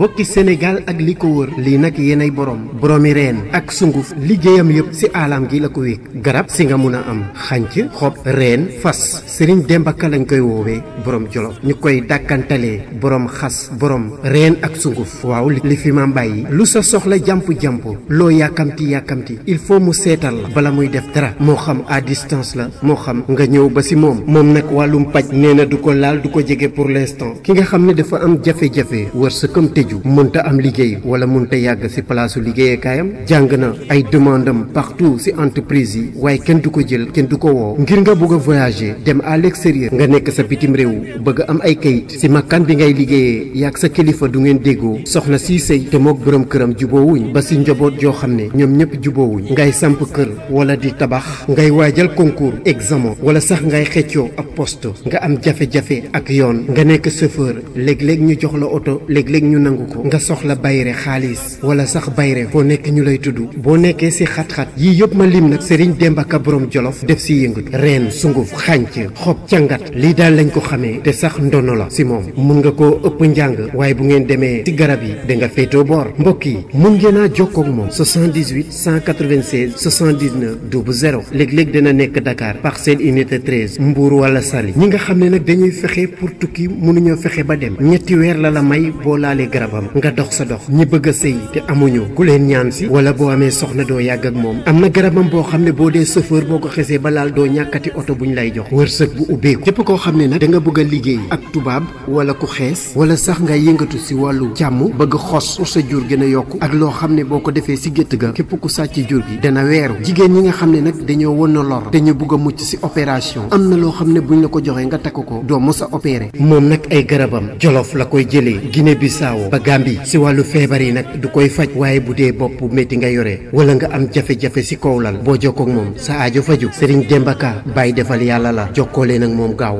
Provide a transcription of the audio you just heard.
mbokki Senegal ak li ko wër lii nag yéenay borom boromi reen ak sunguf liggéeyam si alam gi la ko wéeg garab si nga mun a am xànc xob reen fas sëriñ dembaka lañ koy woowee borom jolof ñu koy dàkkantalee borom xas borom reen ak sunguf waaw li fi ma mbàyyi lu sa soxla jamp-jamp loo yàkkamti yàkkamti il faut mu seetal la bala muy def dara moo xam à distance la moo xam nga ñëw ba si moom moom nag wàllum paj nee na du ko laal du ko jege pour ki nga xam ne dafa am jafe-jafe wërsëkam tëj aju mënta am liggéey wala yag yàgg si palaasu liggéeyakaayam jàng na ay demandam partout si entreprise yi waaye kenn du ko jël kenn du ko ngir nga bëgg voyager dem à l'extérieur nga nekk sa bitim réew bëgg am ay kayit si makkan bi ngay liggéeyee yaag sa kilifa du ngeen déggoo soxna si sëy te moog borom këram juboowuñ ba si njaboot joo xam ne ñoom ñëpp juboowuñ ngay samp kër wala di tabax ngay waajal concours examen wala sax ngay xëccoo ak poste nga am jafe-jafe ak yoon nga nekk chauffeur léeg-léeg ñu jox la oto léeg-léeg ñu nangu nangu ko nga soxla bayre xaalis wala sax bayre foo nekk ñu lay tudd boo nekkee si xat-xat yii yëpp ma lim nag Serigne Demba Ka Jolof def si yëngatu reen sunguf xànc xob càngat lii daal lañ ko xamee te sax ndono la si moom mun nga koo ëpp njàng waaye bu ngeen demee si garab yi da nga féetoo boor mbokk yi mun ngeen a jokkoo ak moom 78 196 79 00 léeg-léeg dina nekk Dakar parcelle unité 13 Mbour wala Saly ñi nga xam ne nag dañuy fexe pour tukki mënuñoo fexe ba dem ñetti garabam nga dox sa dox ñi bëgg a sëy te amuñu ku leen ñaan si wala boo amee soxna doo yàgg ak moom am na garabam boo xam ne boo dee chauffeur boo ko xesee ba laal doo ñàkkati oto buñ lay jox wërsëg bu ubbeeku képp koo xam ne nag da bëgg a liggéey ak tubaab wala ku xees wala sax nga yëngatu si wàllu jàmm bëgg xos pour sa jur gën a yokk ak loo xam ne boo ko defee si gétt ga képp ku sàcc jur gi dana weeru jigéen ñi nga xam ne nag dañoo won na lor dañu bugg mucc si opération am na loo xam ne bu ñu la ko joxee nga takk ko doo mos a moom nag ay garabam jolof la koy jëlee Guinée Bissau ba Gambie si wàllu feebar yi nag du koy faj waaye bu dee bopp métti nga yore walla nga am jafe-jafe si kaw lal boo jokkoo ak moom sa aajo faju Serigne Demba Ka defal yàlla la jokkoo leen ak moom gaaw.